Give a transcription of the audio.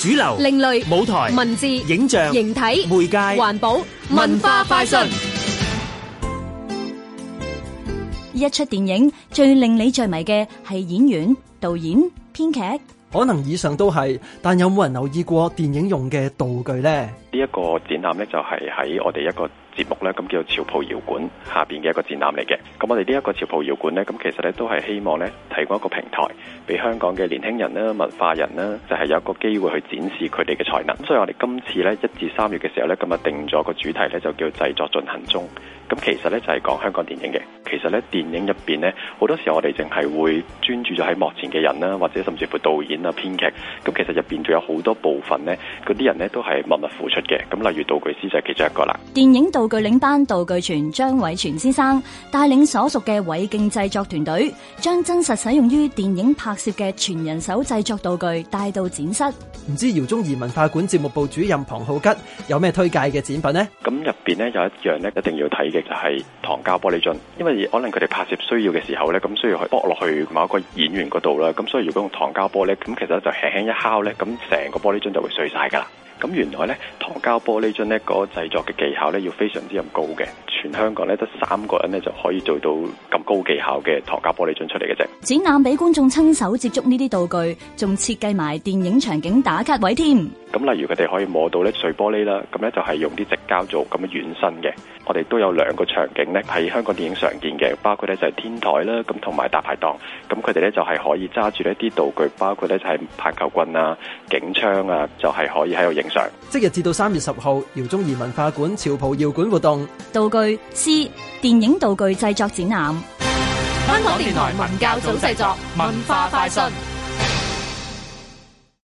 主流、另類舞台、文字、影像、形體、媒介、環保、文化快訊。一出電影最令你着迷嘅係演員、導演、編劇。可能以上都係，但有冇人留意過電影用嘅道具呢？呢、這、一個展覽呢，就係喺我哋一個節目呢，咁叫做潮袍搖滾下邊嘅一個展覽嚟嘅。咁我哋呢一個潮袍搖滾呢，咁其實呢，都係希望呢，提供一個平台，俾香港嘅年輕人啦、文化人啦，就係、是、有一個機會去展示佢哋嘅才能。所以我哋今次呢，一至三月嘅時候呢，咁啊定咗個主題呢，就叫製作進行中。咁其實咧就係講香港電影嘅，其實咧電影入邊咧好多時候我哋淨係會專注咗喺幕前嘅人啦，或者甚至乎導演啊、編劇，咁其實入邊仲有好多部分咧，嗰啲人咧都係默默付出嘅。咁例如道具師就係其中一個啦。電影道具領班道具全張偉全先生帶領所屬嘅偉勁製作團隊，將真實使用於電影拍攝嘅全人手製作道具帶到展室。唔知道饒宗頤文化館節目部主任龐浩吉有咩推介嘅展品咧？咁入邊咧有一樣咧一定要睇嘅。就係糖膠玻璃樽，因為可能佢哋拍攝需要嘅時候咧，咁需要去剝落去某一個演員嗰度啦。咁所以如果用糖膠玻璃，咁其實就輕輕一敲咧，咁成個玻璃樽就會碎晒噶啦。咁原來咧糖膠玻璃樽咧個製作嘅技巧咧要非常之咁高嘅，全香港咧得三個人咧就可以做到咁高技巧嘅糖膠玻璃樽出嚟嘅啫。展覽俾觀眾親手接觸呢啲道具，仲設計埋電影場景打卡位添。咁例如佢哋可以摸到咧碎玻璃啦，咁咧就係、是、用啲矽膠做咁樣軟身嘅。我哋都有兩個場景咧，喺香港電影常見嘅，包括咧就係天台啦，咁同埋大排檔。咁佢哋咧就係可以揸住呢啲道具，包括咧就係棒球棍啊、警槍啊，就係、是、可以喺度影相。即日至到三月十號，饒宗頤文化館潮蒲搖館活動道具師電影道具製作展覽。香港電台文教組製作文化快訊。